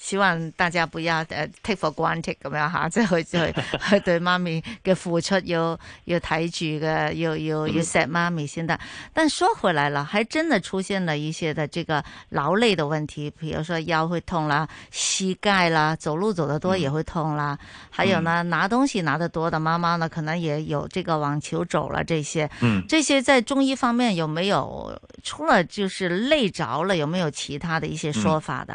希望大家不要呃 take for granted 咁樣吓，即係去去對媽咪嘅付出有有睇住嘅，有有有錫媽咪先得。但說回來了，還真的出現了一些的這個勞累的問題，比如說腰會痛啦，膝蓋啦，走路走得多也會痛啦，還有呢拿東西拿得多的媽媽呢，可能也有這個網球肘啦這些。嗯，這些在中醫方面有沒有？除了就是累着了，有沒有其他的一些說法的？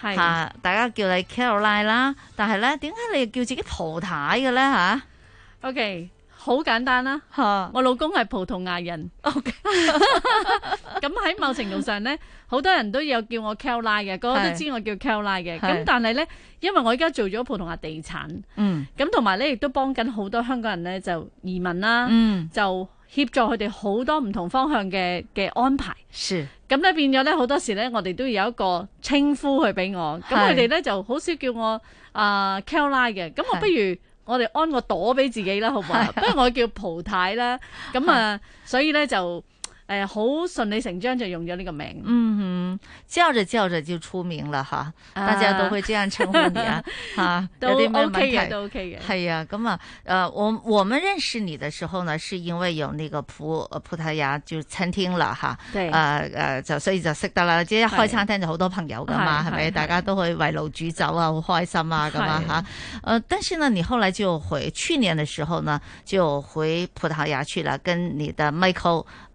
係吓、啊，大家叫你 Caroline 啦，但係咧，點解你叫自己葡太嘅咧吓？OK，好簡單啦、啊、吓，huh. 我老公係葡萄牙人。OK，咁 喺 某程度上咧，好多人都有叫我 Caroline 嘅，個個都知我叫 Caroline 嘅。咁但係咧，因為我而家做咗葡萄牙地產，嗯，咁同埋咧，亦都幫緊好多香港人咧就移民啦，嗯，就。協助佢哋好多唔同方向嘅嘅安排，咁咧變咗咧好多時咧，我哋都要有一個稱呼佢俾我，咁佢哋咧就好少叫我啊 k e l l i e 嘅，咁、呃、我不如我哋安個朵俾自己啦，好唔好、啊？不如我叫葡太啦，咁啊，所以咧就。誒、呃，好順理成章就用咗呢個名。嗯哼，叫着叫着就出名了哈，uh, 大家都會這樣稱呼你啊。吓、 啊 okay，都 OK 嘅，都 OK 嘅。係呀，咁啊，誒、呃，我我們認識你的時候呢，是因為有那個葡葡萄牙就餐廳啦，哈。對。誒、呃、誒，就所以就識得啦，即係一開餐廳就好多朋友噶嘛，係咪？大家都會圍爐煮酒啊，好開心啊，咁啊吓。誒，但是呢，你後來就回去年的時候呢，就回葡萄牙去了，跟你的 Michael。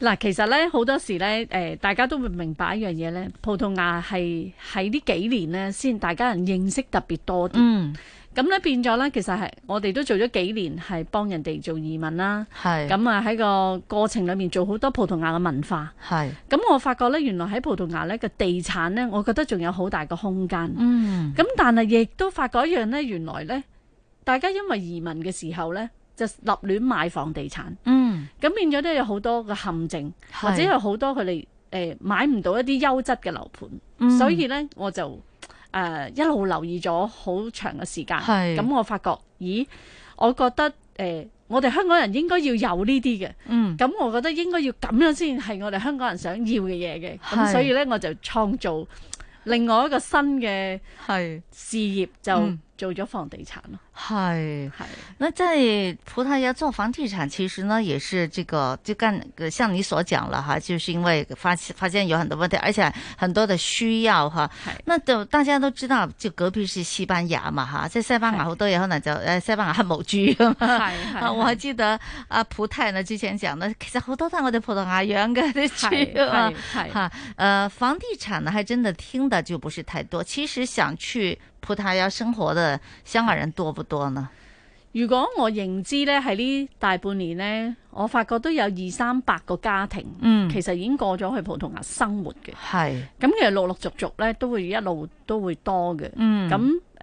嗱，其實咧好多時咧，誒大家都會明白一樣嘢咧，葡萄牙係喺呢幾年咧先，大家人認識特別多啲。嗯。咁咧變咗咧，其實係我哋都做咗幾年係幫人哋做移民啦。係。咁啊喺個過程裏面做好多葡萄牙嘅文化。係。咁我發覺咧，原來喺葡萄牙咧個地產咧，我覺得仲有好大嘅空間。嗯。咁但係亦都發覺一樣咧，原來咧大家因為移民嘅時候咧。就立亂買房地產，咁、嗯、變咗都有好多嘅陷阱，或者有好多佢哋誒買唔到一啲優質嘅樓盤，嗯、所以呢，我就、呃、一路留意咗好長嘅時間，咁我發覺，咦，我覺得、呃、我哋香港人應該要有呢啲嘅，咁、嗯、我覺得應該要咁樣先係我哋香港人想要嘅嘢嘅，咁所以呢，我就創造另外一個新嘅事業就做咗房地產咯。嗯係係，那在葡萄牙做房地產，其實呢也是這個，就幹，像你所講了哈，就是因為發發現有很多問題，而且很多的需要哈。Hey. 那就大家都知道，就隔壁是西班牙嘛哈，在西班牙好、hey. 多嘢後呢，就誒，西班牙恨冇豬。咁、hey. hey. 啊。我還記得啊，葡萄牙呢之前講的，其實好多都係我葡萄牙養嘅啲豬啊。哈，呃，房地產呢，還真的聽的就不是太多。其實想去葡萄牙生活的香港人多不多？多啊！如果我認知呢，喺呢大半年呢，我發覺都有二三百個家庭，嗯，其實已經過咗去葡萄牙生活嘅，係。咁其實陸陸續續呢，都會一路都會多嘅，嗯。咁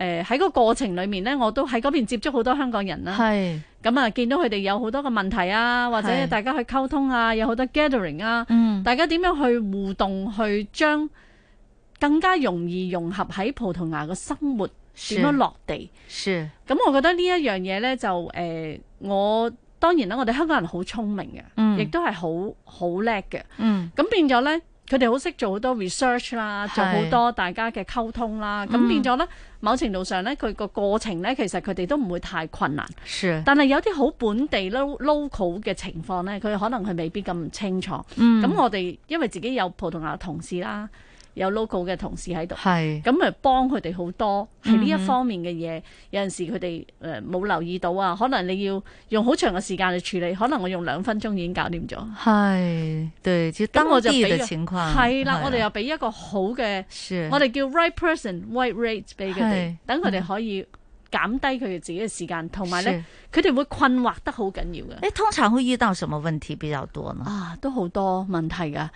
誒喺個過程裏面呢，我都喺嗰邊接觸好多香港人啦，係。咁啊，見到佢哋有好多嘅問題啊，或者大家去溝通啊，有好多 gathering 啊，嗯，大家點樣去互動，去將更加容易融合喺葡萄牙嘅生活。點樣落地？是咁，我覺得呢一樣嘢呢，就誒、呃，我當然啦，我哋香港人好聰明嘅、嗯，亦都係好好叻嘅，嗯。咁變咗呢，佢哋好識做好多 research 啦，做好多大家嘅溝通啦。咁、嗯、變咗呢，某程度上呢，佢個過程呢，其實佢哋都唔會太困難。是。但係有啲好本地 lo local 嘅情況呢，佢可能佢未必咁清楚。咁、嗯、我哋因為自己有葡萄牙同事啦。有 local 嘅同事喺度，咁咪幫佢哋好多，係呢一方面嘅嘢，嗯。有陣時佢哋誒冇留意到啊，可能你要用好長嘅時間去處理，可能我用兩分鐘已經搞掂咗。係，對，等我啲嘅情況。係啦，我哋又俾一個好嘅，我哋叫 right person，right rate 俾佢哋，等佢哋可以減低佢哋自己嘅時間，同埋咧，佢哋會困惑得好緊要嘅。你通常會遇到什麼問題比較多呢？啊，都好多問題噶，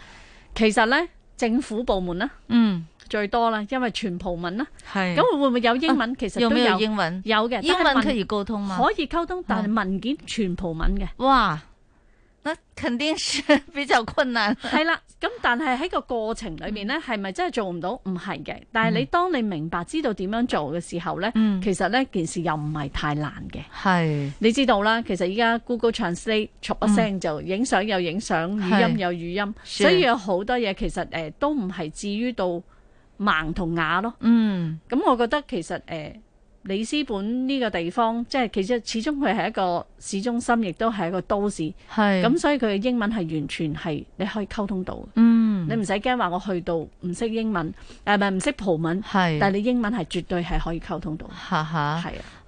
其實咧。政府部門啦，嗯，最多啦，因為全葡文啦，係，咁會唔會有英文？啊、其實都有、啊、有，有英文？有嘅，英文可以溝通嘛？可以溝通，但係、啊、文件全葡文嘅。哇！嗱肯定比較困難，係啦。咁但係喺個過程裏面呢，係、嗯、咪真係做唔到？唔係嘅。但係你當你明白知道點樣做嘅時候、嗯、呢，其實呢件事又唔係太難嘅。係，你知道啦。其實依家 Google Translate 出一聲就影相又影相、嗯，語音又語音，所以有好多嘢其實誒、呃、都唔係至於到盲同啞咯。嗯，咁我覺得其實誒。呃里斯本呢個地方，即係其實始終佢係一個市中心，亦都係一個都市。係咁，所以佢嘅英文係完全係你可以溝通到。嗯，你唔使驚話我去到唔識英文，誒咪唔識葡文，但係你英文係絕對係可以溝通到。哈哈，係啊。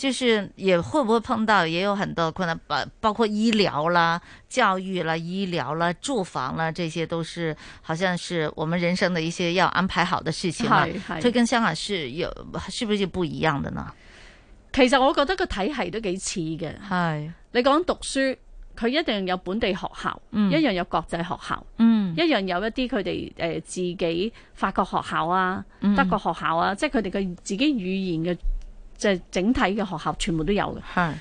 就是也會不會碰到，也有很多困難，包括醫療啦、教育啦、醫療啦、住房啦，這些都是好像是我們人生的一些要安排好的事情啦。係係，所以跟香港是有，是不是不一樣的呢？其實我覺得個體系都幾似嘅。係你講讀書，佢一定有本地學校，嗯、一樣有國際學校，嗯，一樣有一啲佢哋誒自己法國學校啊、嗯、德國學校啊，即係佢哋嘅自己語言嘅。就係、是、整體嘅學校，全部都有嘅。係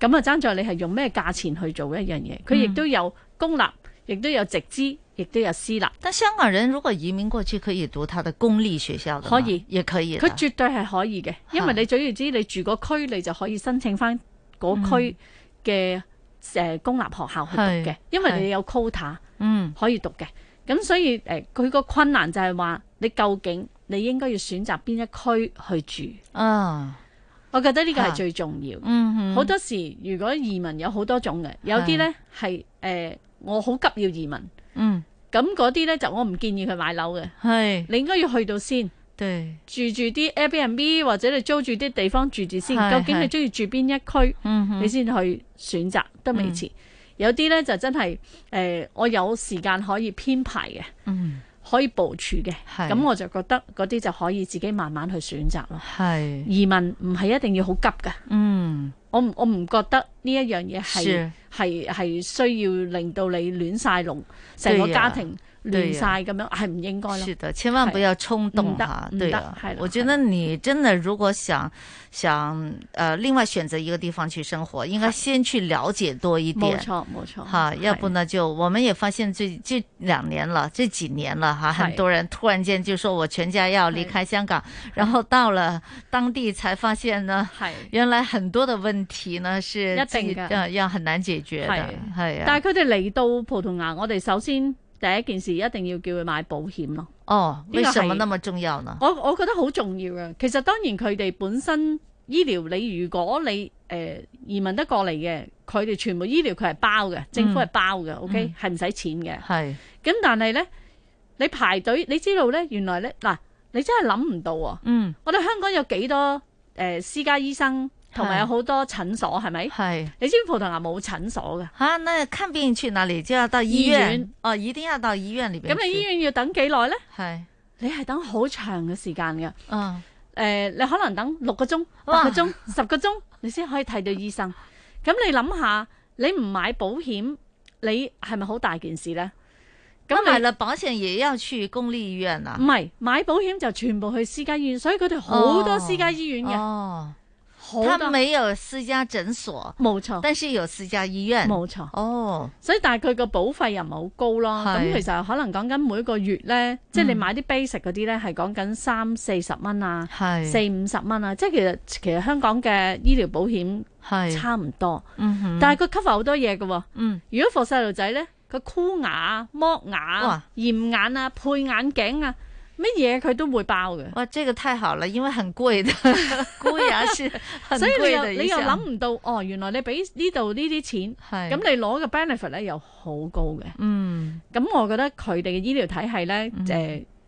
咁啊，爭在你係用咩價錢去做一樣嘢。佢亦都有公立，亦、嗯、都有直資，亦都有私立。但香港人如果移民過去，可以讀他的公立學校可以也可以。佢絕對係可以嘅，因為你總言之總要知，你住個區，你就可以申請翻嗰區嘅誒公立學校去讀嘅，因為你有 quota，嗯，可以讀嘅。咁所以誒，佢、呃、個困難就係話你究竟你應該要選擇邊一區去住啊？我覺得呢個係最重要。好、啊嗯、多時，如果移民有好多種嘅，有啲呢係誒、呃，我好急要移民。咁嗰啲呢，就我唔建議佢買樓嘅。係你應該要去到先對住住啲 Airbnb 或者你租住啲地方住住先，是是究竟你鍾意住邊一區，嗯、你先去選擇都未遲。嗯、有啲呢就真係誒、呃，我有時間可以編排嘅。嗯可以部署嘅，咁我就覺得嗰啲就可以自己慢慢去選擇咯。係，移民唔係一定要好急㗎，嗯，我唔我唔覺得呢一樣嘢係係係需要令到你亂晒龍成個家庭。亂晒咁樣，係唔應該咯？是的，千萬不要衝動啊！對啊的，我覺得你真的如果想想，誒、呃，另外選擇一個地方去生活，應該先去了解多一點。冇錯，冇錯。哈、啊，要不呢就，我們也發現這這兩年了，這幾年了哈、啊，很多人突然間就說我全家要離開香港，然後到了當地才發現呢，原來很多的問題呢是，一定，誒，要很難解決的，係啊。但係佢哋嚟到葡萄牙，我哋首先。第一件事一定要叫佢買保險咯。哦，為什麼那麼重要呢？這個、我我覺得好重要啊。其實當然佢哋本身醫療，你如果你誒、呃、移民得過嚟嘅，佢哋全部醫療佢係包嘅、嗯，政府係包嘅，OK 係唔使錢嘅。係，咁但係呢，你排隊，你知道呢，原來呢，嗱，你真係諗唔到啊、哦。嗯，我哋香港有幾多誒、呃、私家醫生？同埋有好多診所，係咪？係。你知葡萄牙冇診所嘅嚇、啊，那看病串下嚟之後到醫院，醫院，哦，已經要到醫院裏邊。咁你醫院要等幾耐咧？係。你係等好長嘅時間嘅、嗯呃。你可能等六個鐘、八個鐘十個鐘，你先可以睇到醫生。咁你諗下，你唔買保險，你係咪好大件事咧？咁係啦，保險嘢又要去公立醫院啦、啊。唔係買保險就全部去私家醫院，所以佢哋好多私家醫院嘅。哦。哦。佢冇私家診所，冇錯，但係有私家醫院，冇錯。哦，所以但係佢個保費又唔係好高咯。咁其實可能講緊每一個月呢，即係你買啲 basic 嗰啲呢，係講緊三四十蚊啊，係四五十蚊啊。即係其實其實香港嘅醫療保險係差唔多，嗯哼、但係佢 cover 好多嘢嘅、啊，嗯。如果服細路仔呢，佢箍牙、剝牙、驗眼、眼啊、配眼鏡啊。乜嘢佢都會包嘅。哇，這個太好了，因為很貴的，也 是 所以你又，你又諗唔到，哦，原來你俾呢度呢啲錢，咁你攞嘅 benefit 咧又好高嘅。嗯，咁我覺得佢哋嘅醫療體系咧，誒、嗯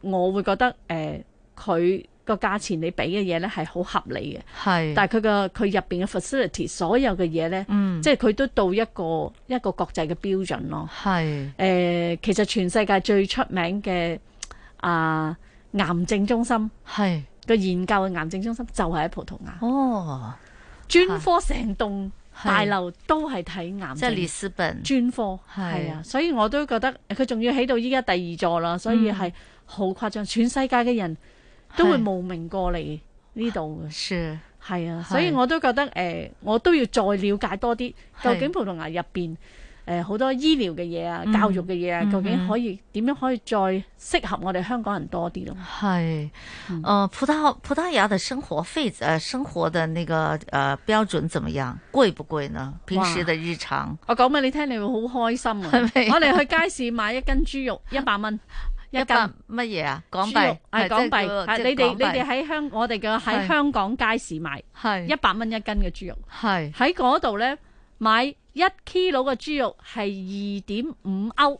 呃，我會覺得誒，佢個價錢你俾嘅嘢咧係好合理嘅。係。但係佢個佢入邊嘅 facility，所有嘅嘢咧，即係佢都到一個一個國際嘅標準咯。係。誒、呃，其實全世界最出名嘅。啊！癌症中心係個研究嘅癌症中心就係喺葡萄牙哦，專科成棟大樓都係睇癌症，即係里斯本專科係啊，所以我都覺得佢仲要起到依家第二座啦，所以係好誇張，嗯，全世界嘅人都會慕名過嚟呢度嘅，係啊，所以我都覺得誒、呃，我都要再了解多啲究竟葡萄牙入邊。誒、呃、好多醫療嘅嘢啊，教育嘅嘢啊、嗯，究竟可以點、嗯、樣可以再適合我哋香港人多啲咯、啊？係，誒葡萄葡萄牙的生活費，誒生活的那個誒、呃、標準怎麼樣？貴唔貴呢？平時嘅日常。我講俾你聽，你會好開心啊！我哋去街市買一斤豬肉元 一百蚊一斤，乜嘢啊？港幣，係港幣，你哋你哋喺香我哋嘅喺香港街市買，係一百蚊一斤嘅豬肉，係喺嗰度咧。買一 k 佬嘅豬肉係二點五歐，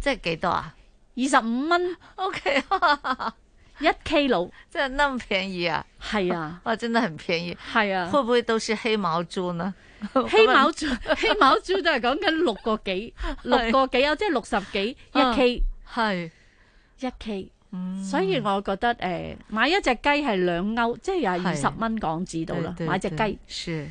即係幾多啊？二十五蚊，OK，一 k 佬，即真係那麼便宜啊！係啊，哇，真係很便宜，係啊。會唔會都是黑毛豬呢？ 黑毛豬豬， 黑毛豬都係講緊六個幾， 六個幾啊，即係六十幾一 k，係一、嗯、k，所以我覺得誒、呃，買一隻雞係兩歐，即係廿二十蚊港紙到啦，對對對買隻雞。是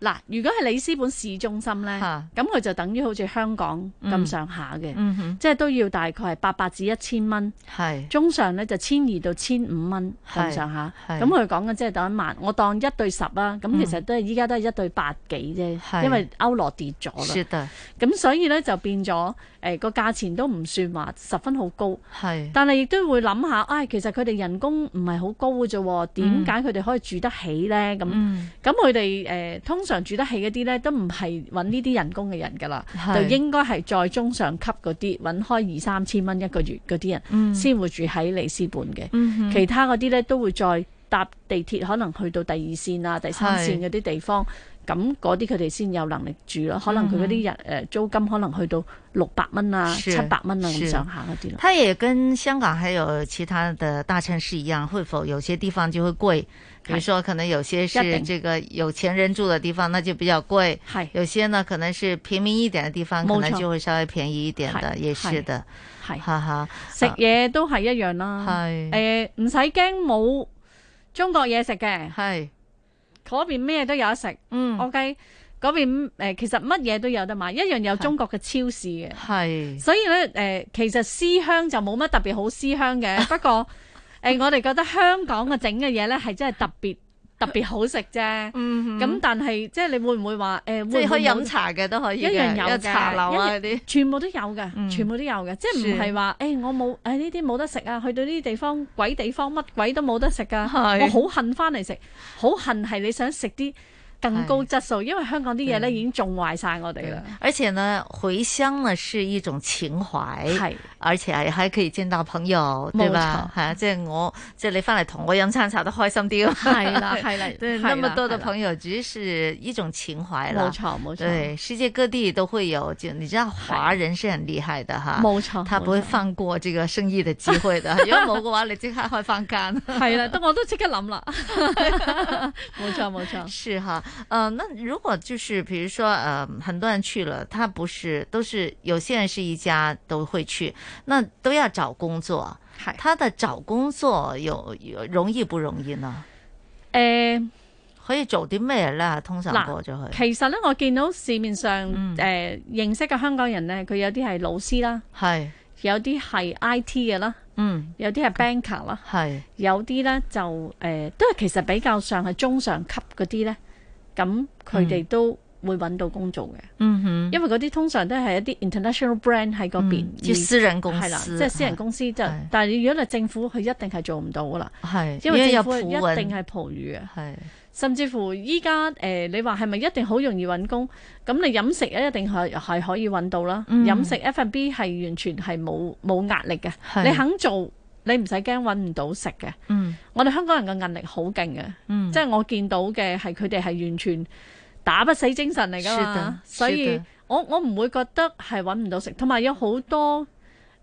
嗱，如果係里斯本市中心咧，咁、啊、佢就等於好似香港咁上下嘅，即、嗯、係、嗯就是、都要大概係八百至一千蚊，係中上咧就千二到千五蚊咁上下。咁佢講嘅即係等一萬，我當一對十啦、啊。咁其實都係依家都係一對八幾啫，因為歐羅跌咗啦。咁所以咧就變咗，誒、呃、個價錢都唔算話十分好高，係，但係亦都會諗下，唉、哎，其實佢哋人工唔係好高啫，點解佢哋可以住得起咧？咁咁佢哋誒通。通常住得起嗰啲咧，都唔係揾呢啲人工嘅人噶啦，就應該係再中上級嗰啲揾開二三千蚊一個月嗰啲人，先、嗯、會住喺里斯本嘅、嗯。其他嗰啲咧，都會再搭地鐵，可能去到第二線啊、第三線嗰啲地方，咁嗰啲佢哋先有能力住咯、嗯。可能佢嗰啲人誒、呃、租金可能去到六百蚊啊、七百蚊啊咁上下嗰啲咯。他也跟香港還有其他的大城市一樣，會否有些地方就會貴？比如說可能有些是這個有錢人住的地方，那就比較貴，有些呢，可能是平民一點的地方，可能就會稍微便宜一點的，是也是的，係哈哈。食嘢都係一樣啦，係誒唔使驚冇中國嘢食嘅，係嗰邊咩都有得食，okay? 嗯，我計嗰邊誒、呃、其實乜嘢都有得買，一樣有中國嘅超市嘅，係，所以咧誒、呃、其實思鄉就冇乜特別好思鄉嘅，不過。 誒、 呃，我哋覺得香港嘅整嘅嘢咧，係真係特別 特別好食啫。咁、嗯、但係，即係你會唔會話誒、呃，即係可以飲茶嘅都可以會會，一樣有一茶樓啊啲，全部都有嘅、嗯，全部都有嘅，即係唔係話誒，我冇誒呢啲冇得食啊，去到呢啲地方鬼地方乜鬼都冇得食噶、啊。我好恨翻嚟食，好恨係你想食啲。更高質素，因為香港啲嘢咧已經種壞晒我哋啦。而且呢，回鄉呢是一種情懷，係而且啊，還可以見到朋友，對吧？係啊，即係我即係你翻嚟同我飲餐茶都開心啲咯。係啦，係 啦，對，那麼多嘅朋友，只是一種情懷啦。冇錯，冇錯。對，世界各地都會有，就你知道華人是很厲害的哈。冇錯，他不會放過這個生意的機會的。 如果冇嘅話， 你即刻開翻間。係啦，咁我都即刻諗啦。冇 錯， 冇錯，是哈。誒、呃，那如果就是，譬如說，誒、呃，很多人去了，他不是都是，有些人是一家都會去，那都要找工作，係，他的找工作有，有，有容易不容易呢？誒、呃，可以做啲咩啦？通常過咗去。其實咧，我見到市面上誒、呃、認識嘅香港人咧，佢有啲係老師啦，係，有啲係 I T 嘅啦，嗯，有啲係 banker 啦，係，有啲咧就誒、呃、都係其實比較上係中上級嗰啲咧。咁佢哋都會揾到工做嘅，嗯哼，因為嗰啲通常都係一啲 international brand 喺嗰邊，即係私人公司，係啦，即係私人公司就。但係你如果係政府，佢一定係做唔到噶啦，係因為政府一定係葡語嘅，係甚至乎依家誒，你話係咪一定好容易揾工？咁你飲食咧一定係係可以揾到啦，飲食 F&B 係完全係冇冇壓力嘅，你肯做。你唔使驚揾唔到食嘅，嗯，我哋香港人嘅韌力好勁嘅，即係我見到嘅係佢哋係完全打不死精神嚟噶，所以我我唔會覺得係揾唔到食，同埋有好多誒、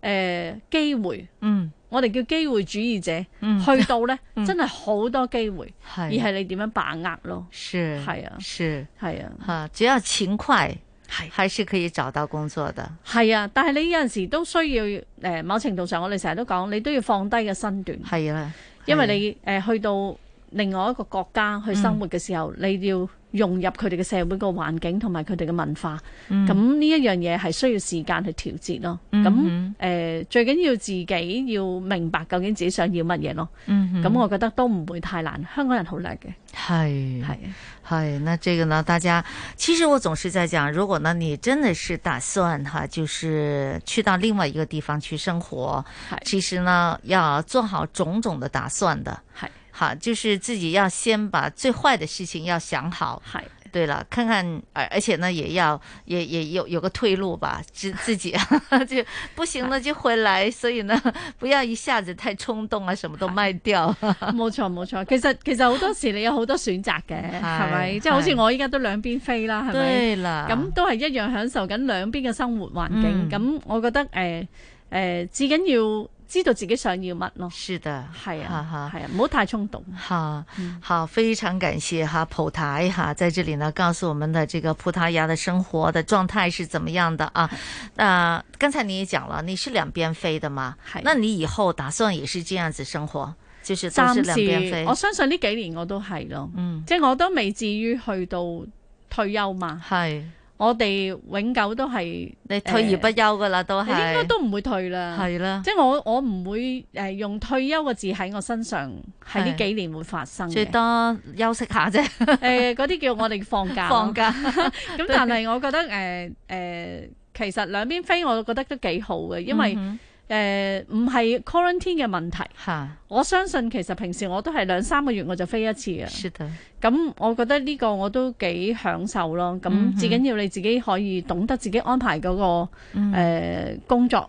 呃、機會，嗯、我哋叫機會主義者、嗯、去到咧、嗯，真係好多機會，是的而係你點樣把握咯，係啊，係啊，嚇，只要勤快。係、啊，還是可以找到工作的。係啊，但係你有陣時都需要，誒、呃，某程度上我哋成日都講，你都要放低個身段。係啊，啊，因為你誒、呃、去到，另外一個國家去生活嘅時候，嗯，你要融入佢哋嘅社會個環境同埋佢哋嘅文化。咁呢一樣嘢係需要時間去調節咯。咁、嗯、誒、呃，最緊要自己要明白究竟自己想要乜嘢咯。咁、嗯、我覺得都唔會太難，香港人好叻嘅。係系系，那這個呢，大家其實我總是在講，如果呢你真的是打算哈，啊，就是去到另外一個地方去生活，其實呢要做好種種的打算的。好，就是自己要先把最壞的事情要想好。係，對啦，看看而而且呢，也要也也有有個退路吧。自自己 就不行了就回來，所以呢，不要一下子太衝動啊，什麼都賣掉。冇 錯冇錯，其實其實好多時你有好多選擇嘅，係咪？即係好似我依家都兩邊飛啦，係咪？對啦，咁都係一樣享受緊兩邊嘅生活環境。咁、嗯、我覺得誒誒，至緊要。知道自己想要乜咯，是的，係啊，係啊，唔好太衝動。哈，哈、嗯好，好，非常感謝哈，葡太哈，在這裏呢，告訴我們的這個葡萄牙的生活的狀態是怎麼樣的啊？那、嗯、剛、啊、才你也講了，你是兩邊飛的嘛？係，那你以後打算也是這樣子生活，就是暫時兩邊飛，我相信呢幾年我都係咯，嗯，即係我都未至於去到退休嘛，係。我哋永久都係你退而不休噶啦，都係應該都唔會退啦，係啦，即係我我唔會誒用退休個字喺我身上，喺呢幾年會發生最多休息一下啫，誒嗰啲叫我哋放假、放假，咁 放假 但係我覺得誒誒、呃，其實兩邊飛，我覺得都幾好嘅，因為。誒唔係 quarantine 嘅問題，我相信其實平時我都係兩三個月我就飛一次嘅。咁我覺得呢個我都幾享受咯。咁至緊要你自己可以懂得自己安排、嗰個、嗯呃、工作。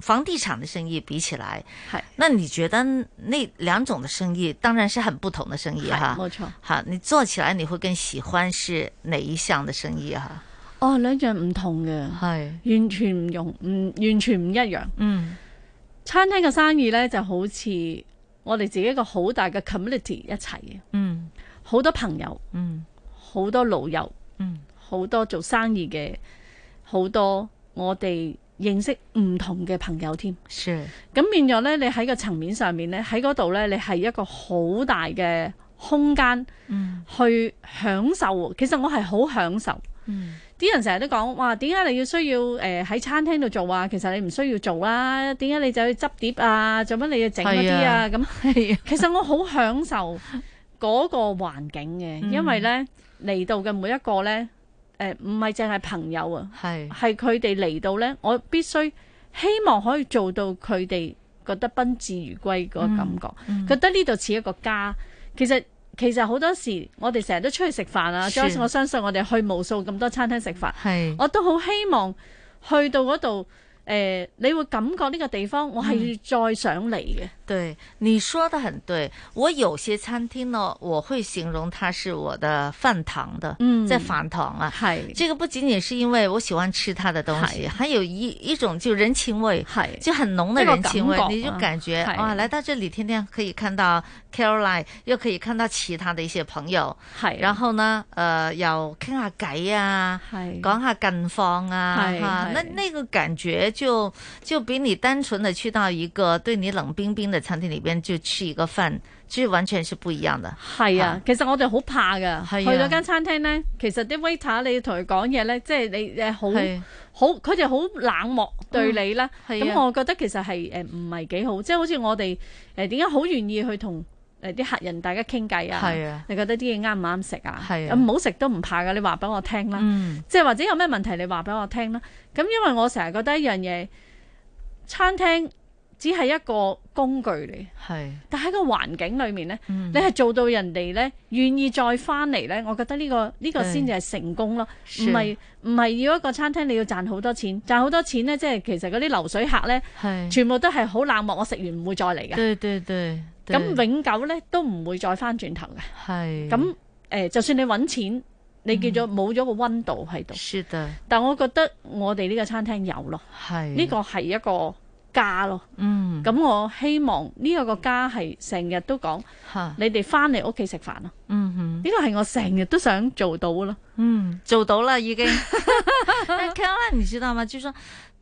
房地產的生意比起來，係，那你覺得那兩種的生意，當然是很不同的生意哈，冇錯，你做起來你會更喜歡是哪一項的生意哈？哦，兩樣唔同嘅，係，完全唔用，唔完全唔一樣，嗯，餐廳嘅生意咧就好似我哋自己一個好大嘅 community 一齊嘅，嗯，好多朋友，嗯，好多老友，嗯，好多做生意嘅，好多，嗯，好多我哋。認識唔同嘅朋友添，咁變咗呢。你喺個層面上面呢，喺嗰度呢，你係一個好大嘅空間去享受。嗯、其實我係好享受。啲、嗯、人成日都講，哇，點解你要需要喺餐廳度做啊？其實你唔需要做啦、啊。點解你就去執碟啊？做乜你要整嗰啲啊？咁、啊啊，其實我好享受嗰個環境嘅、嗯，因為呢，嚟到嘅每一個呢。誒、呃，唔係淨係朋友啊，係佢哋嚟到呢，我必須希望可以做到佢哋覺得賓至如歸個感覺，嗯嗯、覺得呢度似一個家。其實其實好多時我哋成日都出去食飯啊，我相信我哋去無數咁多餐廳食飯，我都好希望去到嗰度。呃、你會感覺呢個地方，我係再想嚟嘅、嗯。對，你說的很對。我有些餐廳呢，我會形容它是我的飯堂的、嗯，在飯堂啊。係，這個不僅僅是因為我喜歡吃它的東西，還有一一種就人情味，就很濃的人情味。這個啊、你就感覺啊，來到這裡，天天可以看到 Caroline，又可以看到其他的一些朋友。然後呢，誒、呃，又傾下偈啊，係講下近況啊。係、啊，那呢、那個感覺。就就比你單純的去到一個對你冷冰冰嘅餐廳裏邊就吃一個飯，其實完全是不一樣的。係啊，啊，其實我哋好怕㗎、啊，去到間餐廳呢，其實啲 waiter 你同佢講嘢呢，即係你誒好好，佢哋好冷漠對你啦。咁、嗯啊、我覺得其實係誒唔係幾好，即係好似我哋誒點解好願意去同。誒，啲客人大家傾偈啊,啊，你覺得啲嘢啱唔啱食啊？唔好食都唔怕噶，你話俾我聽啦、嗯。即係或者有咩問題，你話俾我聽啦。咁因為我成日覺得一樣嘢，餐廳只係一個工具嚟。係。但喺個環境裏面咧、嗯，你係做到人哋咧願意再翻嚟咧，我覺得呢、這個呢、這個先至係成功咯。唔係唔係要一個餐廳你要賺好多錢，賺好多錢咧，即係其實嗰啲流水客咧，全部都係好冷漠，我食完唔會再嚟嘅。對對對,對咁永久咧都唔會再翻轉頭嘅。係。咁、呃、就算你揾錢，你叫做冇咗個溫度喺度。但係我覺得我哋呢個餐廳有咯。係。呢個係一個家咯。嗯。咁我希望呢個個家係成日都講，你哋翻嚟屋企食飯啊。嗯哼。呢個係我成日都想做到嘅咯。嗯。做到啦已經。係 啊， 唔 知道嘛，朱就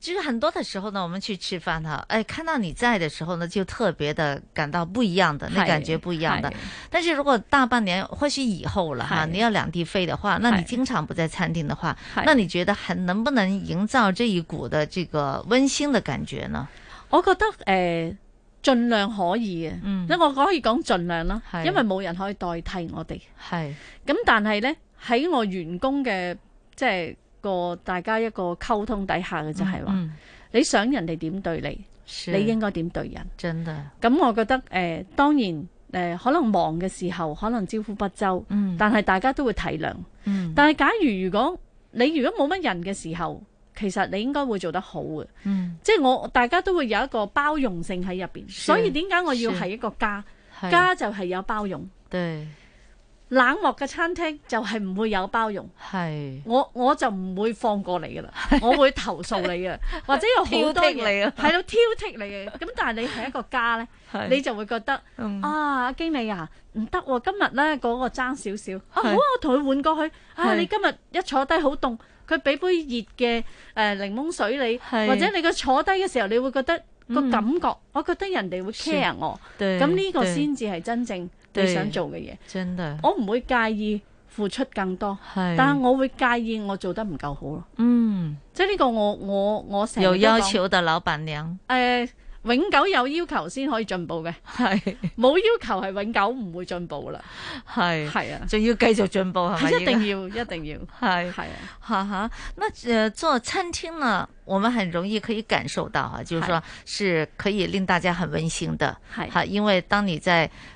就是很多的時候呢，我們去吃飯哈，哎，看到你在的時候呢，就特別的感到不一樣的，的，那感覺不一樣的。是的，但是如果大半年或許以後了哈，你要兩地飛的話，那你經常不在餐廳的話的，那你覺得還能不能營造這一股的這個温馨的感覺呢？我覺得，誒、呃，盡量可以。嗯，那我可以講盡量啦，因為冇人可以代替我哋。係。咁但係呢，喺我員工嘅即係。個大家一個溝通底下嘅就係、是、話、嗯、你想人哋點對你，你應該點對人。真的。咁我覺得誒、呃，當然誒、呃，可能忙嘅時候，可能招呼不周。嗯，但係大家都會體諒、嗯。但係假如如果你，你如果冇乜人嘅時候，其實你應該會做得好嘅、嗯。即係我大家都會有一個包容性喺入邊，所以點解我要係一個家？是家就係有包容。對。冷漠嘅餐廳就係唔會有包容，係我我就唔會放過你噶啦，我會投訴你啊， 或者有好多嘢係度挑剔你嘅，咁 但係你係一個家咧，你就會覺得、嗯、啊，經理啊，唔得，今日咧嗰個爭少少，啊好啊，我同佢換過去。啊你今日一坐低好凍，佢俾杯熱嘅誒檸檬水你，或者你個坐低嘅時候你會覺得個感覺，嗯、我覺得人哋會 care 我，咁呢個先至係真正。你想做嘅嘢，我唔會介意付出更多，但係我會介意我做得唔夠好咯。嗯，即係呢個我我我有要求的老闆娘，誒、呃，永久有要求先可以進步嘅，係冇要求係永久唔會進步啦。係係啊，仲要繼續進步係一定要一定要，係係啊，哈哈那誒、呃、做餐廳呢，我們很容易可以感受到啊，就是說是，是可以令大家很温馨的，係因為當你在，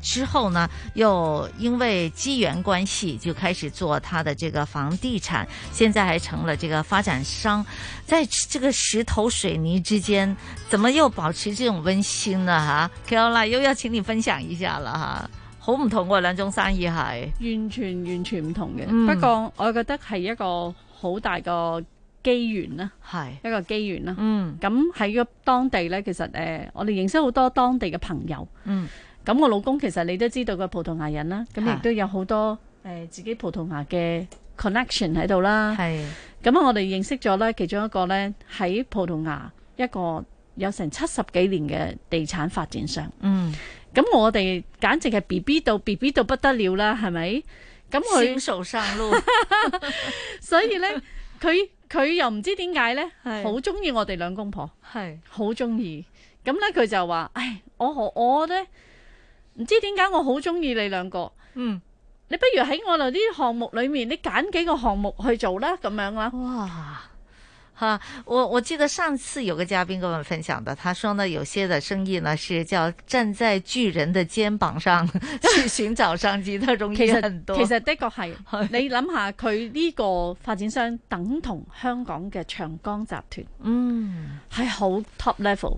之後呢，又因為機緣關係，就開始做他的這個房地產，現在還成了這個發展商。在這個石頭水泥之間，怎麼又保持這種温馨呢？哈 Caroline 又要請你分享一下了哈。好唔同喎，兩種生意係完全完全唔同嘅，嗯。不過我覺得係一個好大嘅機緣啦，係一個機緣啦。嗯，咁喺個當地呢，其實誒，我哋認識好多當地嘅朋友。嗯。咁我老公其實你都知道佢葡萄牙人啦，咁亦都有好多誒自己葡萄牙嘅 connection 喺度啦，係咁我哋認識咗咧，其中一個咧喺葡萄牙一個有成七十幾年嘅地產發展商。嗯，咁我哋簡直係 B B 到 B B 到不得了啦，係咪？咁佢新手上路， 所以咧佢佢又唔知點解咧，好中意我哋兩公婆，係好中意。咁咧佢就話：誒我何我咧？唔知點解我好中意你兩個，嗯，你不如喺我哋啲項目裏面，你揀幾個項目去做啦，咁樣啊，哇！哈，我我記得上次有個嘉賓跟我分享的，佢話呢有些嘅生意呢，是叫站在巨人的肩膀上去尋找商機，甚至都容易得多。其實的確係，你諗下佢呢個發展商等同香港嘅長江集團，嗯，係好 top level，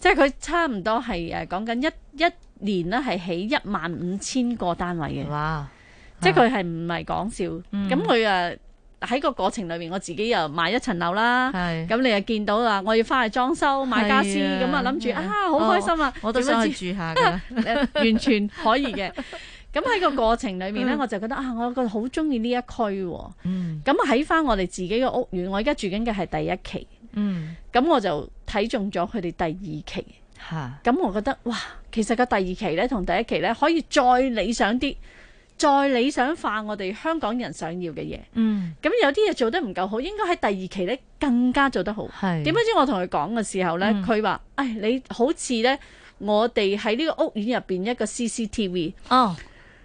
即係佢差唔多係誒講緊一一。一年咧係起一萬五千個單位嘅，即係佢係唔係講笑？咁佢誒喺個過程裏面，我自己又買一層樓啦。咁你又見到啦，我要翻去裝修買傢俬咁啊，諗住啊好、啊、開心啊！哦、我都想去住下 完全可以嘅。咁喺個過程裏面呢，我就覺得啊，我好中意呢一區。咁喺翻我哋自己嘅屋苑，我而家住緊嘅係第一期。咁、嗯、我就睇中咗佢哋第二期。咁，我覺得哇，其實個第二期呢，同第一期呢，可以再理想啲，再理想化我哋香港人想要嘅嘢。嗯，咁有啲嘢做得唔夠好，應該喺第二期呢更加做得好。係點解？知我同佢講嘅時候呢，佢、嗯、話，哎，你好似呢，我哋喺呢個屋苑入邊一個 CCTV 哦，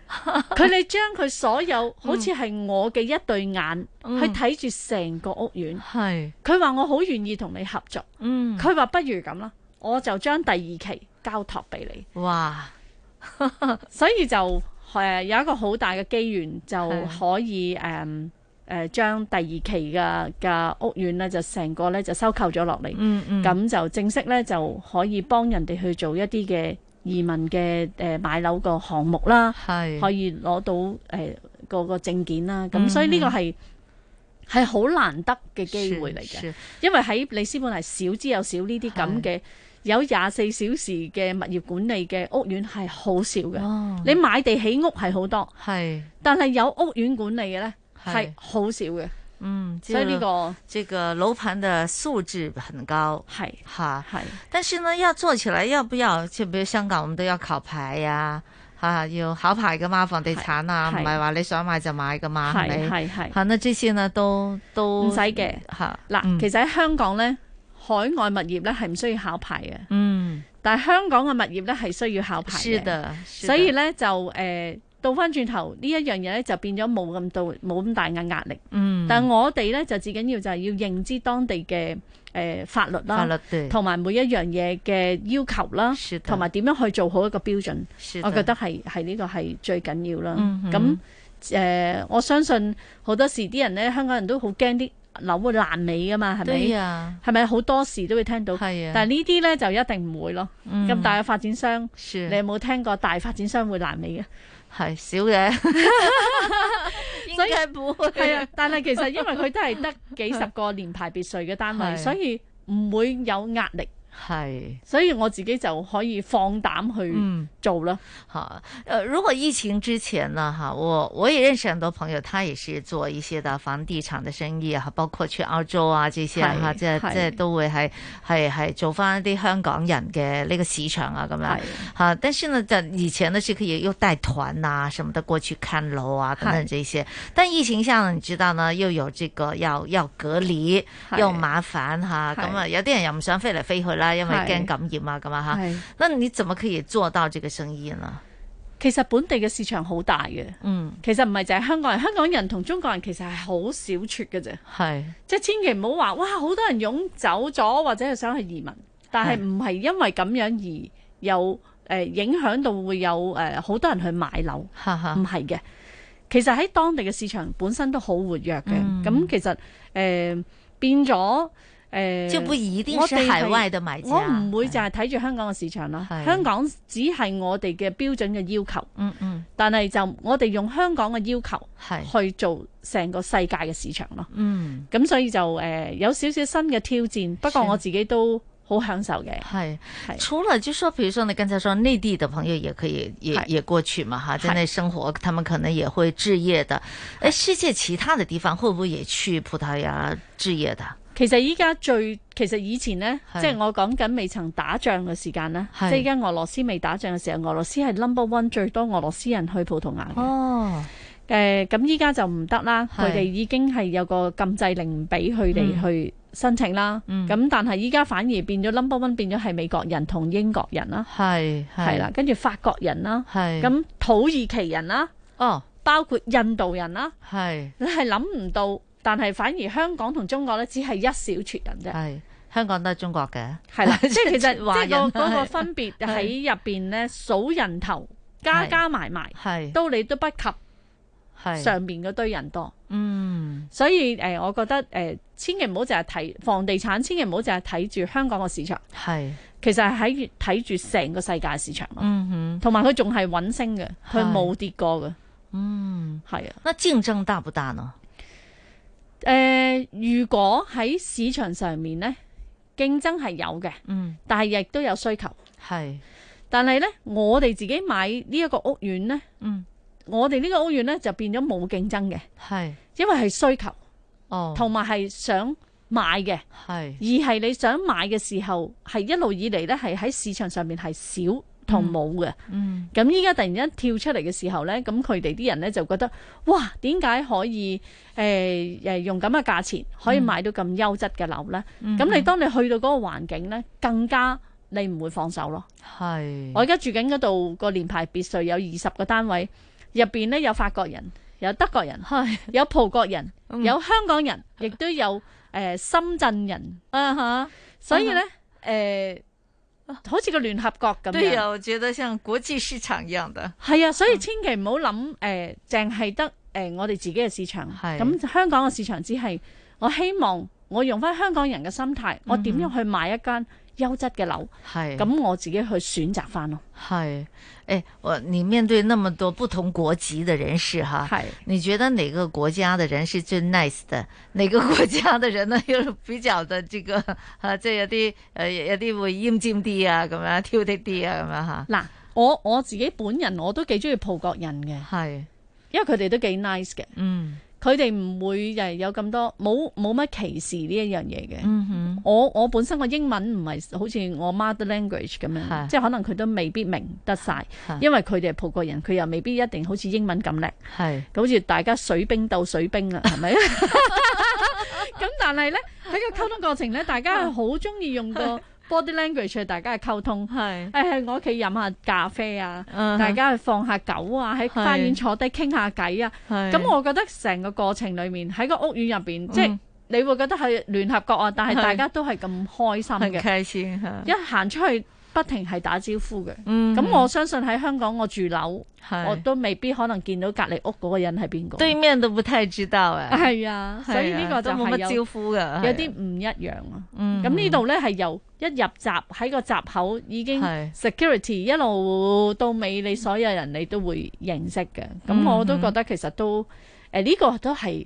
佢哋將佢所有、嗯、好似係我嘅一對眼、嗯、去睇住成個屋苑。係佢話我好願意同你合作。嗯，佢話不如咁啦。我就將第二期交託俾你，哇！ 所以就誒有一個好大嘅機緣，就可以誒誒將第二期嘅嘅屋苑咧，就成個咧就收購咗落嚟，嗯嗯，咁就正式咧就可以幫人哋去做一啲嘅移民嘅誒、嗯、買樓個項目啦，係可以攞到誒嗰、呃、個個證件啦，咁、嗯、所以呢個係係好難得嘅機會嚟嘅，因為喺里斯本係少之又少呢啲咁嘅。有廿四小時嘅物業管理嘅屋苑係好少嘅。哦，你買地起屋係好多，係，但係有屋苑管理嘅咧係好少嘅。嗯，所以呢、呢個呢、呢個樓盤嘅素質很高，係嚇係。但是呢，要做起嚟，要不要？即係比如香港，我們都要考牌啊嚇，要、啊、考牌㗎嘛，房地產啊，唔係話你想買就買㗎嘛，係咪？係係。嚇，那之前啊，都都唔使嘅嚇。嗱、啊，其實喺香港咧。嗯海外物業咧係唔需要考牌嘅，嗯，但係香港嘅物業咧係需要考牌嘅，所以咧就誒倒翻轉頭呢一樣嘢咧就變咗冇咁多冇咁大嘅壓力，嗯、但係我哋咧就最緊要就係要認知當地嘅誒、呃、法律啦，法律，對，同埋每一樣嘢嘅要求啦，同埋點樣去做好一個標準，是我覺得係係呢個係最緊要的啦。咁、嗯、誒、呃，我相信好多時啲人咧，香港人都好驚啲。樓會爛尾噶嘛，係咪？係咪好多時都會聽到？係啊，但係呢啲咧就一定唔會咯。咁、嗯、大嘅發展商，你有冇聽過大發展商會爛尾嘅？係少嘅， 所以冇。係啊，但係其實因為佢都係得幾十個連排別墅嘅單位，所以唔會有壓力。係，所以我自己就可以放膽去做啦。吓、嗯，誒，如果疫情之前呢吓，我我也認識很多朋友，他也是做一些的房地產的生意啊，包括去澳洲啊這些啊，即係即係都會係係係做翻一啲香港人嘅呢個市場啊咁樣。吓，但是呢，就以前呢是可以又帶團啊什麼的過去看樓啊，等等這些。但疫情下呢，你知道呢，又有這個要要隔離，又麻煩吓、啊，咁啊有啲人又唔想飛嚟飛去啦。因為驚感染啊，咁啊吓。係，那你怎麼可以做到這個生意呢？其實本地嘅市場好大嘅，嗯，其實唔係就係香港人。香港人同中國人其實係好少缺嘅啫，係，即係千祈唔好話，哇，好多人湧走咗，或者係想去移民，但係唔係因為咁樣而有誒、呃、影響到會有誒好、呃、多人去買樓，吓吓，唔係嘅，其實喺當地嘅市場本身都好活躍嘅，咁、嗯、其實誒、呃、變咗。誒、呃，我哋海外嘅買家，我唔會就係睇住香港嘅市場咯。香港只係我哋嘅標準嘅要求。嗯嗯。但係就我哋用香港嘅要求，係去做成個世界嘅市場咯。嗯。咁所以就誒、呃、有少少新嘅挑戰，不過我自己都好享受嘅。係係。除了，就說，譬如說，你剛才說內地嘅朋友也可以，也也過去嘛，吓，在那生活，他們可能也會置業的。誒、欸，世界其他嘅地方，會唔會也去葡萄牙置業的？其實依家最其實以前呢，是即係我講緊未曾打仗嘅時間呢，即係依家俄羅斯未打仗嘅時候，俄羅斯係 number one 最多俄羅斯人去葡萄牙嘅。哦，咁依家就唔得啦，佢哋已經係有個禁制令，唔俾佢哋去申請啦。咁、嗯、但係依家反而變咗 number one，變咗係美國人同英國人啦，係係啦，跟住法國人啦，係咁土耳其人啦，哦，包括印度人啦，係你係諗唔到。但係反而香港同中國咧，只係一小撮人啫。係香港都係中國嘅。係啦， 即係其實即係個個分別喺入邊咧，數人頭加加埋埋，都你都不及上邊嗰堆人多。嗯，所以誒、呃，我覺得誒、呃，千祈唔好淨係睇房地產，千祈唔好淨係睇住香港個市場。係，其實係喺睇住成個世界的市場是的。嗯哼，同埋佢仲係穩升嘅，佢冇跌過嘅。嗯，係啊。那競爭大不大呢？誒、呃，如果喺市場上面呢，競爭係有嘅，嗯，但係亦都有需求，係。但係呢，我哋自己買呢一個屋苑呢，嗯，我哋呢個屋苑呢，就變咗冇競爭嘅，係，因為係需求，哦，同埋係想買嘅，係。而係你想買嘅時候，係一路以嚟呢，係喺市場上面係少。同冇嘅，咁依家突然間跳出嚟嘅時候呢，咁佢哋啲人呢，就覺得，哇，點解可以誒誒、呃、用咁嘅價錢可以買到咁優質嘅樓呢？嗯，咁你當你去到嗰個環境呢，更加你唔會放手咯。係，我而家住緊嗰度個連排別墅有二十個單位，入邊呢有法國人，有德國人， 有葡國人、嗯，有香港人，亦都有誒、呃、深圳人啊吓。Uh-huh. 所以呢。誒、Uh-huh. 呃。好似個聯合國咁樣。對啊，我覺得像國際市場一樣的。係啊，所以千祈唔好諗誒，淨係得誒我哋自己嘅市場。係，咁香港嘅市場只係我希望我用翻香港人嘅心態、嗯，我點樣去買一間？優質嘅樓，係咁我自己去選擇返咯。係，誒、欸，我你面對那麼多不同國籍的人士，吓，係你覺得哪個國家的人是最 nice 的？哪個國家的人呢？又比較的這個啊，即係有啲誒，有啲會奄尖啲啊，咁樣挑剔啲啊，咁樣吓。嗱，我我自己本人我都幾中意葡國人嘅，係，因為佢哋都幾 nice 嘅，嗯。佢哋唔會有咁多冇冇乜歧視呢一樣嘢嘅。我我本身個英文唔係好似我 mother language 咁樣，即係可能佢都未必明得晒，因為佢哋係葡國人，佢又未必一定好似英文咁叻。係，好似大家水兵鬥水兵啊，係咪？咁 但係咧喺個溝通過程咧， 大家係好中意用個多啲 Body language，去大家去溝通。係，誒、哎，喺我屋企飲下咖啡啊，uh -huh，大家去放下狗啊，喺花園坐低傾下偈啊。咁我覺得成個過程裏面，喺個屋苑入邊、嗯，即係你會覺得係聯合國啊，但係大家都係咁開心嘅。一行出去。不停係打招呼嘅，咁、嗯、我相信喺香港我住樓，我都未必可能見到隔籬屋嗰個人係邊個。對咩人都會唔太知道嘅，係啊，所以呢個是都冇乜招呼嘅、啊，有啲唔一樣啊。咁、嗯、呢度呢係由一入閘喺個閘口已經 security 是一路到尾，你所有人你都會認識嘅。咁、嗯、我都覺得其實都誒呢、呃這個都係。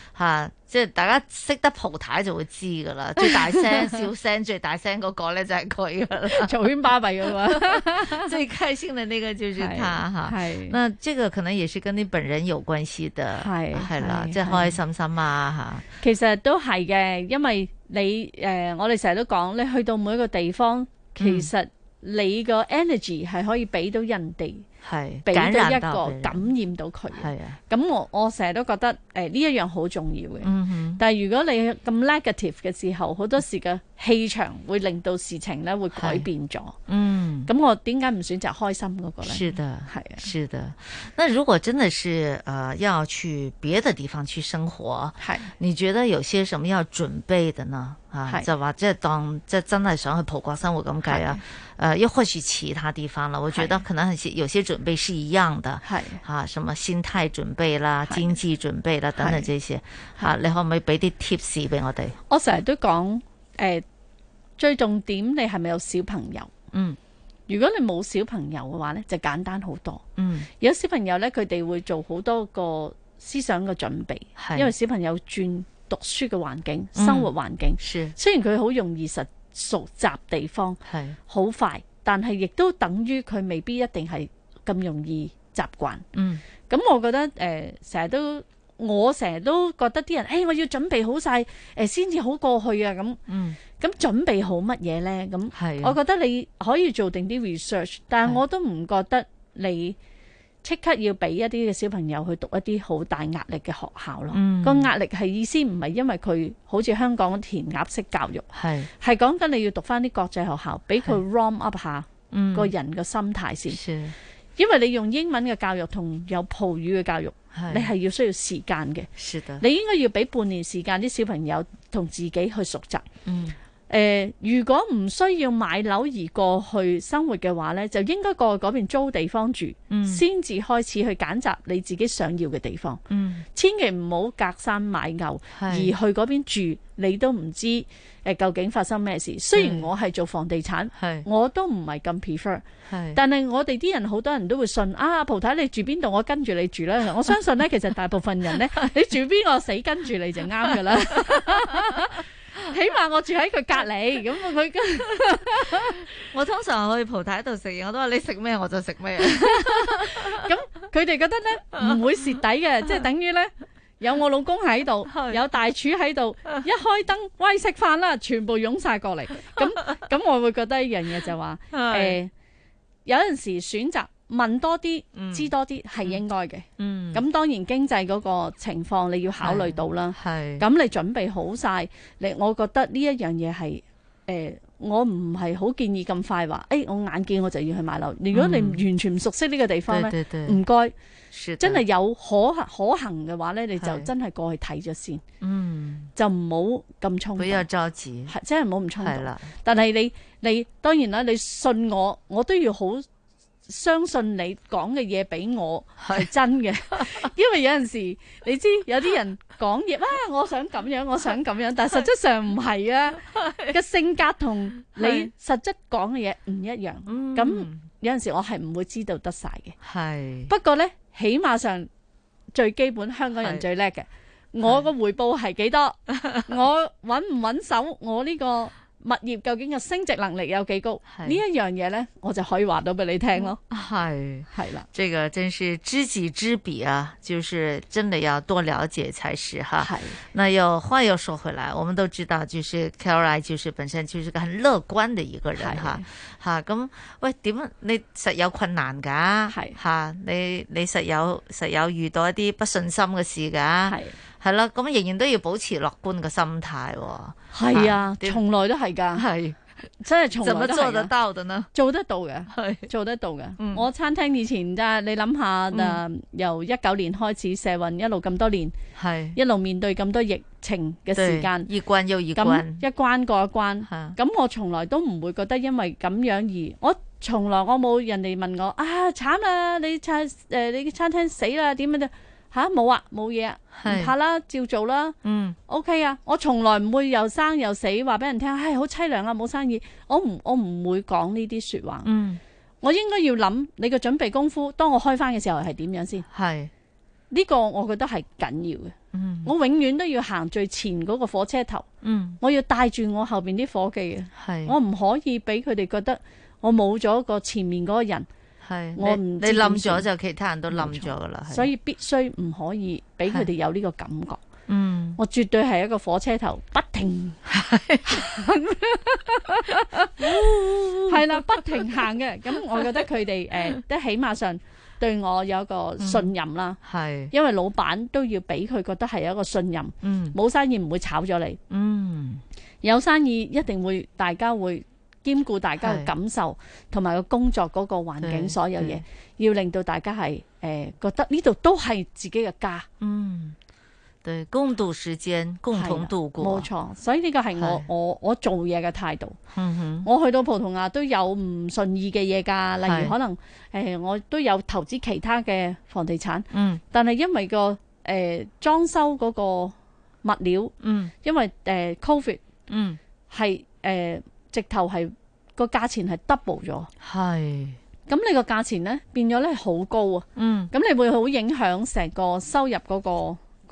吓、啊，即係大家識得葡太就會知噶啦，最大聲、小聲、 最大聲嗰個咧就係佢啦，嘈喧巴閉噶嘛。最開心的那個就是他哈，係、啊。那這個可能也是跟你本人有關係的，係係、啊、啦，即係開心心啊吓。其實都係嘅，因為你誒、呃，我哋成日都講，你去到每一個地方，嗯、其實你個 energy 係可以俾到人哋。係感染到佢，咁我我成日都覺得誒呢、哎、一樣好重要嘅，嗯。但係如果你咁 negative 嘅時候，好多時嘅氣場會令到事情咧會改變咗。嗯，咁我點解唔選擇開心嗰個咧？是啊，係啊。是的，那如果真係誒、呃、要去別嘅地方去生活，你覺得有些什麼要準備嘅呢？啊、就話即係當即真係想去葡國生活咁計啊！誒，一、啊、開始，其他地方啦，我覺得可能係有些準備是一樣的。係吓、啊，什麼心態準備啦、經濟準備啦等等這些吓、啊，你可唔可以俾啲 tips 俾我哋？我成日都講誒、呃，最重點是你係咪有小朋友？嗯，如果你冇小朋友嘅話呢，就簡單好多。嗯，有小朋友呢，佢哋會做好多個思想嘅準備，因為小朋友轉。讀書嘅環境、嗯、生活環境，雖然佢好容易熟熟習地方，係好快，但係亦都等於佢未必一定係咁容易習慣。嗯，咁我覺得誒，成日都我成日都覺得啲人，誒、欸，我要準備好晒誒，先至好過去啊，咁，嗯，咁準備好乜嘢呢？咁，係、啊，我覺得你可以做定啲 research，但係我都唔覺得你。即刻要俾一啲嘅小朋友去讀一啲好大壓力嘅學校咯，嗯，個壓力係意思唔係因為佢好似香港填鴨式教育，係係講緊你要讀翻啲國際學校，俾佢 warm up 一下個人嘅心態先。因為你用英文嘅教育同有葡語嘅教育，你係要需要時間嘅。你應該要俾半年時間啲小朋友同自己去熟習。嗯。誒、呃，如果唔需要買樓而過去生活嘅話呢，就應該過去嗰邊租地方住，先、嗯、至開始去揀擇你自己想要嘅地方。嗯、千祈唔好隔山買牛而去嗰邊住，你都唔知道、呃、究竟發生咩事。雖然我係做房地產，是，我都唔係咁 prefer，但係我哋啲人好多人都會信啊，葡太你住邊度，我跟住你住啦。我相信呢，其實大部分人呢， 你住邊我死跟住你就啱噶啦。 起碼我住喺佢隔離咁佢，我通常去蒲太度食嘢，我都話你食咩我就食咩。咁佢哋覺得咧唔會蝕底嘅，即 係等於咧有我老公喺度， 有大廚喺度，一開燈，喂，食飯啦，全部湧晒過嚟。咁咁我會覺得一樣嘢就話、是，誒、 欸，有陣時選擇。問多啲，知多啲係、嗯、應該嘅。咁、嗯、當然經濟嗰個情況你要考慮到啦。咁你準備好晒，你我覺得呢一樣嘢係誒，我唔係好建議咁快話，誒、哎、我眼見我就要去買樓、嗯。如果你完全唔熟悉呢個地方咧，唔該，真係有可可行嘅話咧，你就真係過去睇咗先。就唔好咁衝比不要着急，真係唔好咁衝。但係你你當然啦，你信我，我都要好。相信你講嘅嘢俾我係真嘅， 因為有陣時你知有啲人講嘢 啊，我想咁樣，我想咁樣，但實質上唔係啊。個性格同你實質講嘅嘢唔一樣，咁有陣時我係唔會知道得晒嘅。係不過呢，起碼上最基本香港人最叻嘅，我個回報係幾多， 我穩唔穩手，我呢個。物業究竟嘅升值能力有幾高？這東西呢一樣嘢咧，我就可以話到俾你聽咯。係係啦，這個真是知己知彼啊，就是真的要多了解才是哈。係，那又話又說回來，我們都知道，就是 Caroline，就是本身就是個很樂觀嘅一個人哈。吓，咁、啊、喂，點樣？你實有困難噶、啊？係吓、啊，你你實有實有遇到一啲不順心嘅事噶、啊？係。係啦，咁仍然都要保持樂觀嘅心態喎。係啊，從來都係㗎。係，真係從來都係。點做得到嘅呢？做得到嘅，係做得到嘅。我餐廳以前真係，你諗下誒，由一九年開始社運一路咁多年，係一路面對咁多疫情嘅時間，一關又一關，一關過一關。咁我從來都唔會覺得因為咁樣而，我從來我冇人哋問我啊，慘啦，你餐誒你嘅餐廳死啦，點樣啊？吓冇啊，冇嘢啊，唔怕啦，照做啦。嗯，OK 啊，我從來唔會又生又死，話俾人聽，唉，好淒涼啊，冇生意，我唔我唔會講呢啲說話。嗯，我應該要諗你嘅準備功夫，當我開翻嘅時候係點樣先？係呢個我覺得係緊要嘅。嗯，我永遠都要行最前嗰個火車頭。嗯，我要帶住我後邊啲伙計嘅。係，我唔可以俾佢哋覺得我冇咗個前面嗰個人。係，我唔，你冧咗就其他人都冧咗噶啦，所以必須唔可以俾佢哋有呢個感覺。嗯，我絕對係一個火車頭，不停行，係啦， 不停行嘅。咁 我覺得佢哋誒、都、呃、起碼上對我有一個信任啦。係、嗯，因為老闆都要俾佢覺得係有一個信任。冇、嗯、生意唔會炒咗你。嗯，有生意一定會、嗯、大家會。兼顧大家嘅感受，同埋個工作嗰個環境，所有嘢，要令到大家係誒、呃、覺得呢度都係自己嘅家。嗯，對，共度時間，共同度過，冇錯。所以呢個係我我我做嘢嘅態度、嗯。我去到葡萄牙都有唔順意嘅嘢噶，例如可能誒、呃、我都有投資其他嘅房地產，嗯，但係因為、嗰個誒、呃、裝修嗰個物料，嗯，因為誒、呃、Covid，嗯，係誒。呃直頭係個價錢係 double 咗，係咁你個價錢呢變咗呢，好高啊。嗯，咁你會好影響成個收入嗰個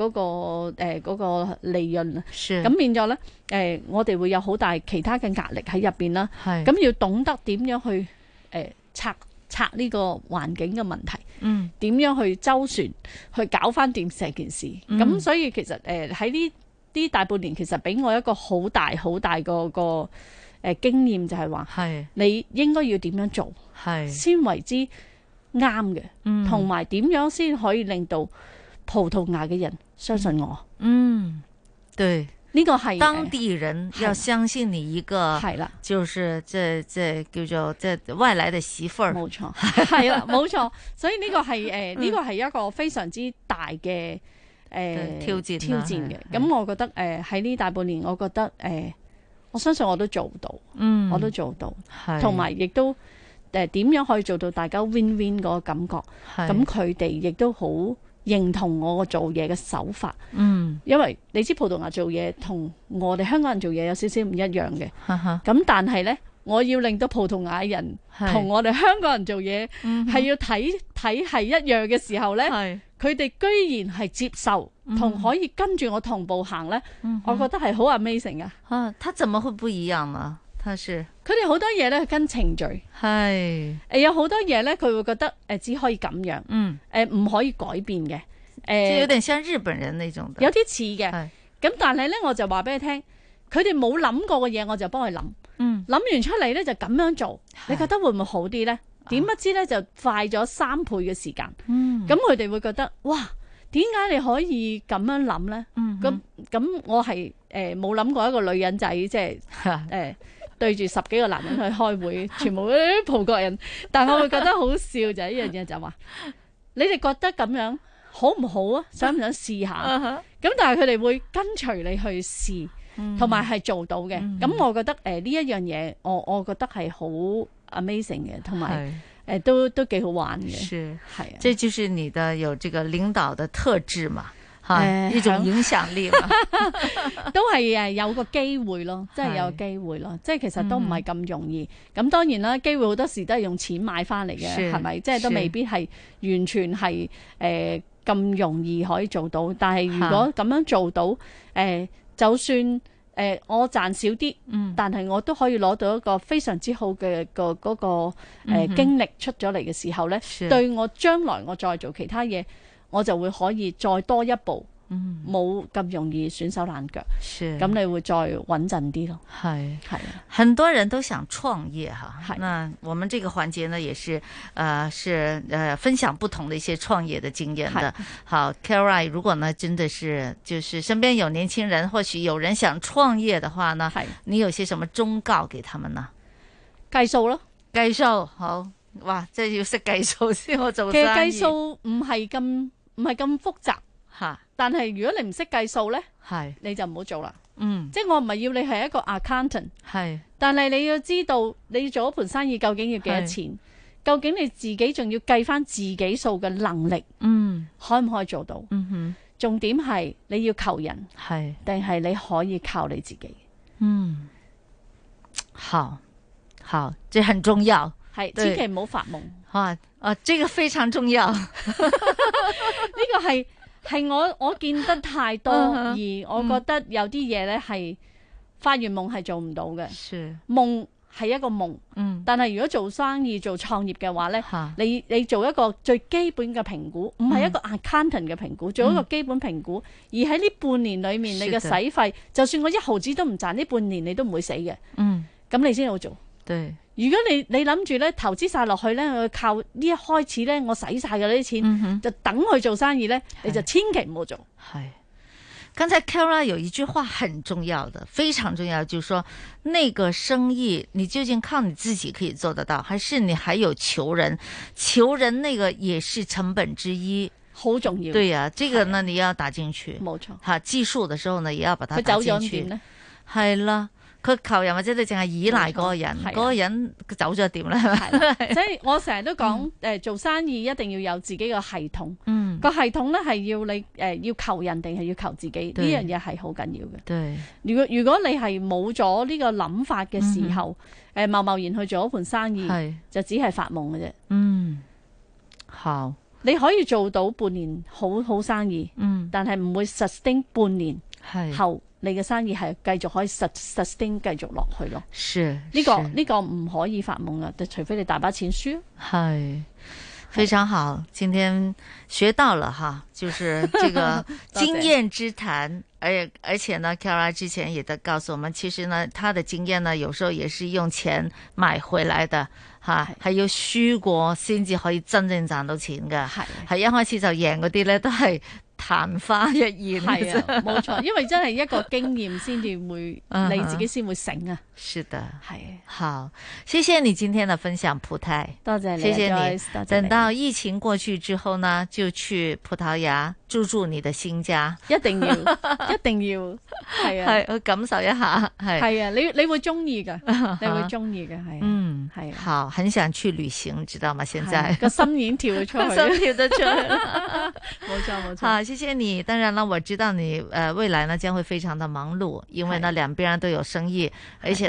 嗰個誒嗰個利潤啊。咁變咗呢，誒、呃，我哋會有好大其他嘅壓力喺入邊啦。係咁要懂得點樣去誒、呃、拆拆呢個環境嘅問題。嗯，點樣去周旋去搞翻掂成件事？咁、嗯、所以其實誒喺呢啲大半年，其實俾我一個好大好大個個。誒、呃，經驗就係話，你應該要點樣做係，先為之啱嘅，同埋點樣先可以令到葡萄牙嘅人相信我。嗯，對，呢、這個係當地人要相信你一個，係啦，就是即係即係叫做即係外來的媳婦冇錯，係啦，冇 錯、啊。所以呢個係誒，呢、呃嗯這個係一個非常之大嘅誒、呃、挑戰挑戰嘅。咁我覺得誒，喺、呃、呢大半年，我覺得誒。呃我相信我都做到，嗯、我都做到，同埋亦都，呃、點樣可以做到大家 win win 嗰個感覺？咁佢哋亦都好認同我個做嘢嘅手法。嗯，因為你知葡萄牙做嘢同我哋香港人做嘢有少少唔一樣嘅。咁但係咧，我要令到葡萄牙人同我哋香港人做嘢係要睇睇係一樣嘅時候咧，佢哋居然係接受。同可以跟住我同步行咧，嗯，我覺得係好 amazing 噶。他怎麼會不一樣呢？他是佢哋好多嘢咧，跟程序係誒、呃，有好多嘢咧，佢會覺得誒、呃，只可以咁樣，嗯，誒、呃、唔可以改變嘅。誒、呃，即係有點像日本人那種的。有啲似嘅，咁但係咧，我就話俾你聽，佢哋冇諗過嘅嘢，我就幫佢諗，諗、嗯、完出嚟咧就咁樣做，你覺得會唔會好啲咧？點、哦、不知咧就快咗三倍嘅時間，咁佢哋會覺得哇！點解你可以咁樣諗呢？咁、嗯、咁我係誒冇諗過一個女人仔即係誒、呃、 對住十幾個男人去開會，全部啲葡國人， 但係我會覺得好笑就係一樣嘢就話，你哋覺得咁樣好唔好啊？想唔想試下？咁、嗯、但係佢哋會跟隨你去試，同埋係做到嘅。咁、嗯、我覺得誒呢、呃、一樣嘢，我我覺得係好 amazing 嘅，同埋。誒，都都幾好玩嘅，係啊，這就是你的有這個領導的特質嘛，哈、呃，一種影響力嘛， 都係誒有個機會咯，即係有個機會咯，即係其實都唔係咁容易，咁、嗯、當然啦，機會好多時都係用錢買翻嚟嘅，係咪？即係都未必係完全係誒咁容易可以做到，但係如果咁樣做到，誒、呃，就算。誒、呃，我賺少啲、嗯，但係我都可以攞到一個非常之好嘅、嗰個嗰、嗰個誒、呃嗯、經歷出咗嚟嘅時候咧，對我將來我再做其他嘢，我就會可以再多一步。嗯，冇咁容易損手爛腳，咁你會再穩陣啲咯。係係，很多人都想創業吓，係。嗱我們這個環節呢，也是，呃、是、呃、分享不同的一些創業的經驗的。好 Caroline，如果呢，真的是，就是身邊有年輕人，或許有人想創業的話呢，係，你有些什麼忠告給他們呢？計數咯，計數，好，哇，即係要識計數先。我就其實計數唔係咁，唔係咁複雜。吓，但係如果你唔識計數咧，係你就唔好做啦。嗯，即係我唔係要你係一個 accountant，係，但係你要知道你做一盤生意究竟要幾多錢，究竟你自己仲要計翻自己數嘅能力，嗯，可唔可以做到？嗯哼，重點係你要求人係，定係你可以靠你自己？嗯，好，好，這很重要，係千祈唔好發夢。啊，啊，這個非常重要，呢 個係。係我我見得太多，Uh-huh. 而我覺得有啲嘢咧係發完夢係做唔到嘅。夢係一個夢，嗯。但係如果做生意做創業嘅話咧，你你做一個最基本嘅評估，唔係一個 accountant 嘅評估，做一個基本評估。嗯，而喺呢半年裏面，你嘅洗費的，就算我一毫子都唔賺，呢半年你都唔會死嘅。嗯，咁你先好做。對，如果你你諗住咧投資晒落去咧，去靠呢一開始咧，我使晒嘅呢啲錢，就等佢做生意咧，你就千祈唔好做。係。剛才 Kara 有一句話很重要的，非常重要，就是說，那個生意你究竟靠你自己可以做得到，還是你還有求人？求人那個也是成本之一，好重要。對呀。啊，這個呢你要打進去，冇錯。哈，計數的時候呢，也要把它打進去。係啦。佢求人或者你淨係依賴嗰個人，嗰、嗰個人走咗點咧？ 所以我常，我成日都講，誒，做生意一定要有自己個系統。嗯，個系統咧係要你，誒，要求人定係要求自己？呢樣嘢係好緊要嘅。對，如果如果你係冇咗呢個諗法嘅時候，誒、嗯，貿貿然去做一盤生意，係就只係發夢嘅啫。嗯，好，你可以做到半年好好生意，嗯，但係唔會 sustain 半年後。你嘅生意係繼續可以 sustain 繼續落去咯。是，呢個，呢個唔可以發夢啦，就除非你大把錢輸。係，非常好，今天學到了哈，就是這個經驗之談。 而且而且呢，Kara 之前也都告訴我們，其實呢，他的經驗呢，有時候也是用錢買回來的。哈，係要輸過，先至可以真正賺到錢嘅。係，係一開始就贏嗰啲咧，都係。曇花一現，係啊，冇 錯，因為真係一個經驗先至會， 你自己先會醒啊。是的，係好，謝謝你今天的分享，葡太，多謝你，謝謝你，謝你。等到疫情過去之後呢，就去葡萄牙住住你的新家，一定要， 一定要，係啊，係，我感受一下，係，係啊，你你會中意嘅，你會中意嘅，係，嗯，係，好，很想去旅行，知道嗎？現在個心已經跳出， 心跳得出了，冇 錯冇錯，好，謝謝你。當然啦，我知道你，誒、呃，未來呢將會非常的忙碌，因為呢兩邊都有生意，而且。